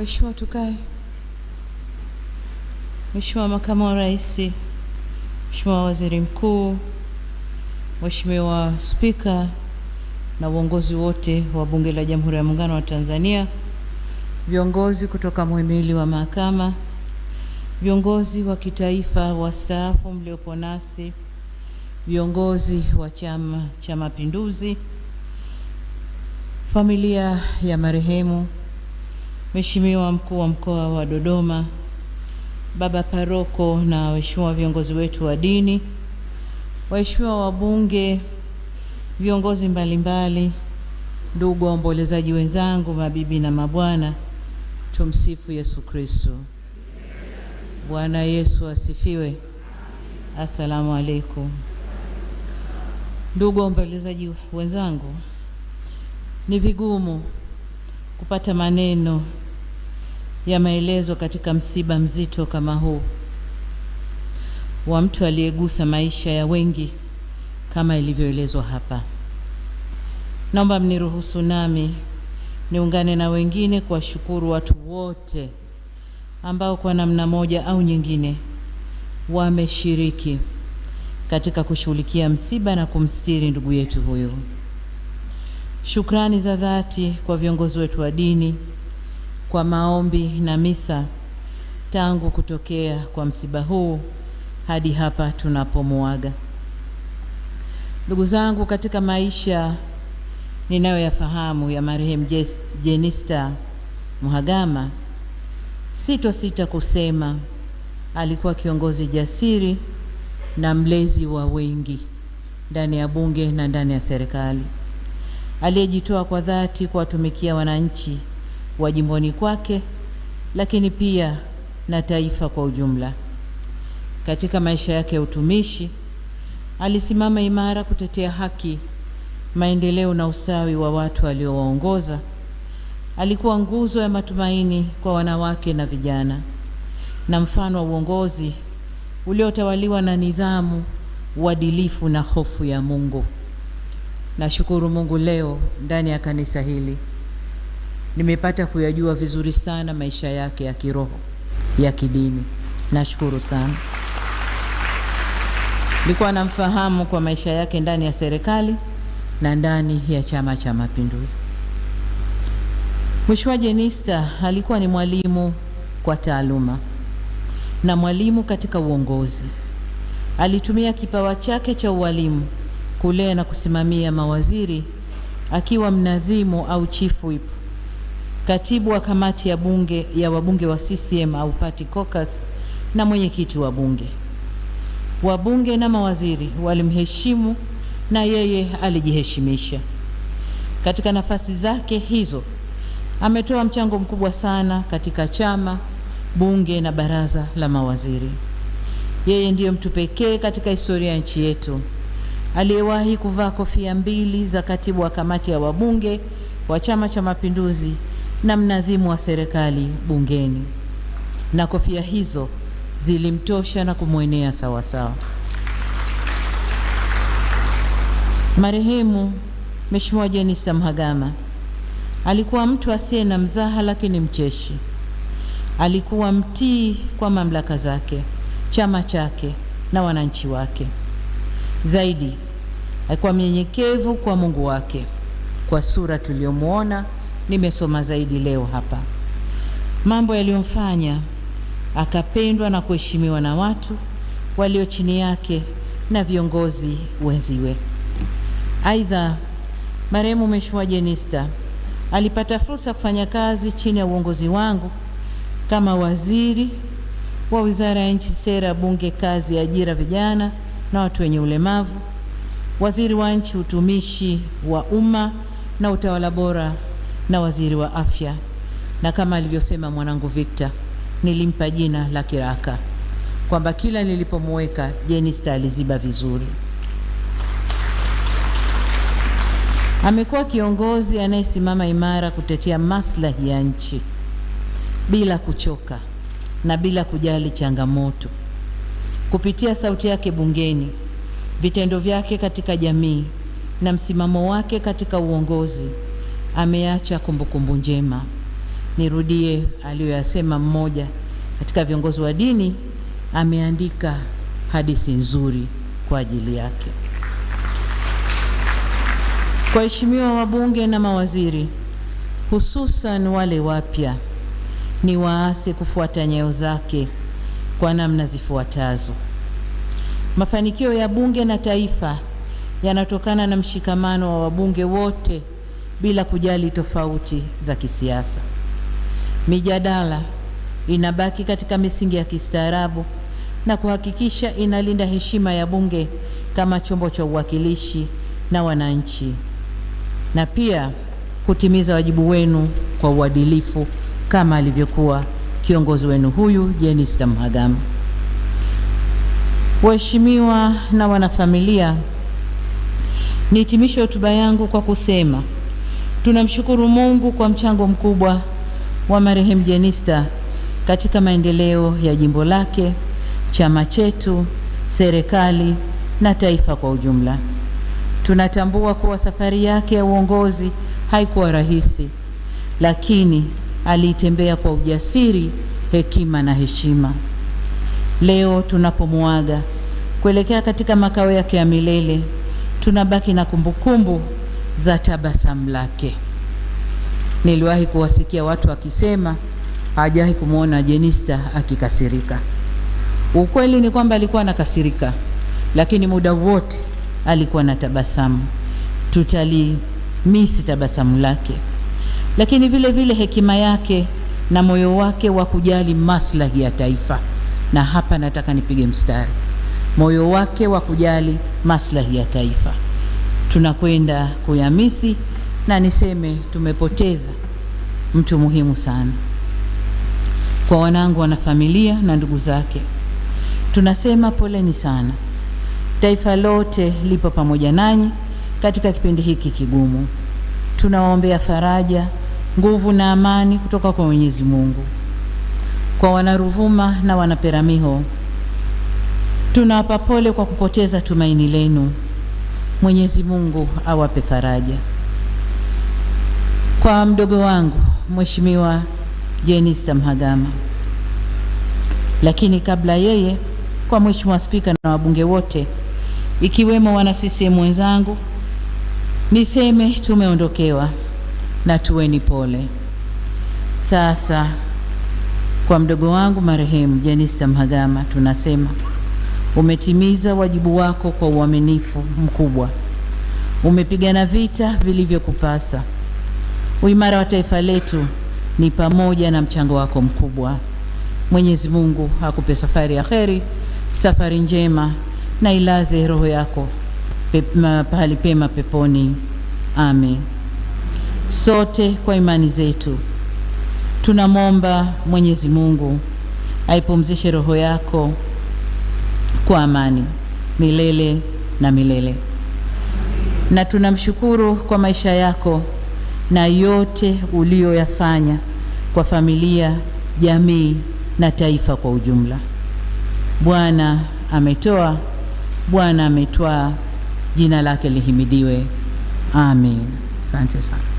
Mheshimiwa, tukae. Mheshimiwa Makamu wa Rais, Mheshimiwa Waziri Mkuu, Mheshimiwa Spika na uongozi wote wa Bunge la Jamhuri ya Muungano wa Tanzania, viongozi kutoka muhimili wa mahakama, viongozi wa kitaifa wastaafu mliopo nasi, viongozi wa Chama cha Mapinduzi, familia ya marehemu Mheshimiwa Mkuu wa Mkoa wa Dodoma, baba paroko na waheshimiwa viongozi wetu wa dini, waheshimiwa wabunge, viongozi mbalimbali, ndugu waombolezaji wenzangu, mabibi na mabwana, tumsifu Yesu Kristo. Bwana Yesu asifiwe. Asalamu alaikum. Ndugu waombolezaji wenzangu, ni vigumu kupata maneno ya maelezo katika msiba mzito kama huu wa mtu aliyegusa maisha ya wengi kama ilivyoelezwa hapa. Naomba mniruhusu nami niungane na wengine kuwashukuru watu wote ambao kwa namna moja au nyingine wameshiriki katika kushughulikia msiba na kumstiri ndugu yetu huyu. Shukrani za dhati kwa viongozi wetu wa dini kwa maombi na misa tangu kutokea kwa msiba huu hadi hapa tunapomuaga. Ndugu zangu, katika maisha ninayoyafahamu ya marehemu Jenista Mhagama, sitosita kusema alikuwa kiongozi jasiri na mlezi wa wengi ndani ya bunge na ndani ya serikali, aliyejitoa kwa dhati kuwatumikia wananchi wa jimboni kwake, lakini pia na taifa kwa ujumla. Katika maisha yake ya utumishi, alisimama imara kutetea haki, maendeleo na usawi wa watu aliowaongoza. Alikuwa nguzo ya matumaini kwa wanawake na vijana na mfano wa uongozi uliotawaliwa na nidhamu, uadilifu na hofu ya Mungu. Nashukuru Mungu leo ndani ya kanisa hili nimepata kuyajua vizuri sana maisha yake ya kiroho ya kidini. Nashukuru sana. Nilikuwa namfahamu kwa maisha yake ndani ya serikali na ndani ya Chama cha Mapinduzi. Mheshimiwa Jenista alikuwa ni mwalimu kwa taaluma na mwalimu katika uongozi. Alitumia kipawa chake cha ualimu kulea na kusimamia mawaziri akiwa mnadhimu au chief whip katibu wa kamati ya bunge ya wabunge wa CCM au Party Caucus na mwenyekiti wa bunge. Wabunge na mawaziri walimheshimu na yeye alijiheshimisha. Katika nafasi zake hizo ametoa mchango mkubwa sana katika chama, bunge na baraza la mawaziri. Yeye ndiyo mtu pekee katika historia ya nchi yetu aliyewahi kuvaa kofia mbili za katibu wa kamati ya wabunge wa Chama cha Mapinduzi na mnadhimu wa serikali bungeni, na kofia hizo zilimtosha na kumwenea sawasawa. Marehemu Mheshimiwa Jenista Mhagama alikuwa mtu asiye na mzaha, lakini mcheshi. Alikuwa mtii kwa mamlaka zake, chama chake na wananchi wake. Zaidi alikuwa mnyenyekevu kwa Mungu wake, kwa sura tuliyomwona nimesoma zaidi leo hapa. Mambo yaliyomfanya akapendwa na kuheshimiwa na watu walio chini yake na viongozi wenziwe. Aidha, marehemu Mheshimiwa Jenista alipata fursa ya kufanya kazi chini ya uongozi wangu kama waziri wa Wizara ya Nchi, Sera, Bunge, Kazi, Ajira, Vijana na Watu wenye Ulemavu, waziri wa Nchi, Utumishi wa Umma na Utawala Bora na waziri wa afya, na kama alivyosema mwanangu Victor, nilimpa jina la kiraka kwamba kila nilipomuweka Jenista aliziba vizuri. Amekuwa kiongozi anayesimama imara kutetea maslahi ya nchi bila kuchoka na bila kujali changamoto. Kupitia sauti yake bungeni, vitendo vyake katika jamii na msimamo wake katika uongozi ameacha kumbukumbu njema. Nirudie aliyoyasema mmoja katika viongozi wa dini, ameandika hadithi nzuri kwa ajili yake. Kwa heshimiwa wabunge na mawaziri, hususan wale wapya, ni waase kufuata nyayo zake kwa namna zifuatazo. Mafanikio ya bunge na taifa yanatokana na mshikamano wa wabunge wote bila kujali tofauti za kisiasa. Mijadala inabaki katika misingi ya kistaarabu na kuhakikisha inalinda heshima ya bunge kama chombo cha uwakilishi na wananchi, na pia kutimiza wajibu wenu kwa uadilifu kama alivyokuwa kiongozi wenu huyu Jenista Mhagama. Waheshimiwa na wanafamilia, nihitimishe hotuba yangu kwa kusema Tunamshukuru Mungu kwa mchango mkubwa wa marehemu Jenista katika maendeleo ya jimbo lake, chama chetu, serikali na taifa kwa ujumla. Tunatambua kuwa safari yake ya uongozi haikuwa rahisi, lakini aliitembea kwa ujasiri, hekima na heshima. Leo tunapomuaga kuelekea katika makao yake ya milele, tunabaki na kumbukumbu kumbu za tabasamu lake. Niliwahi kuwasikia watu wakisema hajawahi kumwona Jenista akikasirika. Ukweli ni kwamba alikuwa anakasirika, lakini muda wote alikuwa na tabasamu. Tutalimisi tabasamu lake, lakini vile vile hekima yake na moyo wake wa kujali maslahi ya taifa. Na hapa nataka nipige mstari, moyo wake wa kujali maslahi ya taifa tunakwenda kuyamisi, na niseme tumepoteza mtu muhimu sana kwa wanangu, wanafamilia na ndugu zake. Tunasema poleni sana, taifa lote lipo pamoja nanyi katika kipindi hiki kigumu. Tunawaombea faraja, nguvu na amani kutoka kwa Mwenyezi Mungu. Kwa Wanaruvuma na Wanaperamiho tunawapa pole kwa kupoteza tumaini lenu. Mwenyezi Mungu awape faraja. Kwa mdogo wangu Mheshimiwa Jenista Mhagama, lakini kabla yeye, kwa Mheshimiwa Spika na wabunge wote ikiwemo wana CCM wenzangu, niseme tumeondokewa na tuweni pole. Sasa kwa mdogo wangu marehemu Jenista Mhagama tunasema Umetimiza wajibu wako kwa uaminifu mkubwa. Umepigana vita vilivyokupasa. Uimara wa taifa letu ni pamoja na mchango wako mkubwa. Mwenyezi Mungu akupe safari ya kheri, safari njema, na ilaze roho yako pe, pahali pema peponi. Amen. Sote kwa imani zetu tunamwomba Mwenyezi Mungu aipumzishe roho yako kwa amani milele na milele. Na tunamshukuru kwa maisha yako na yote uliyoyafanya kwa familia, jamii na taifa kwa ujumla. Bwana ametoa, Bwana ametwaa, jina lake lihimidiwe. Amin. Asante sana.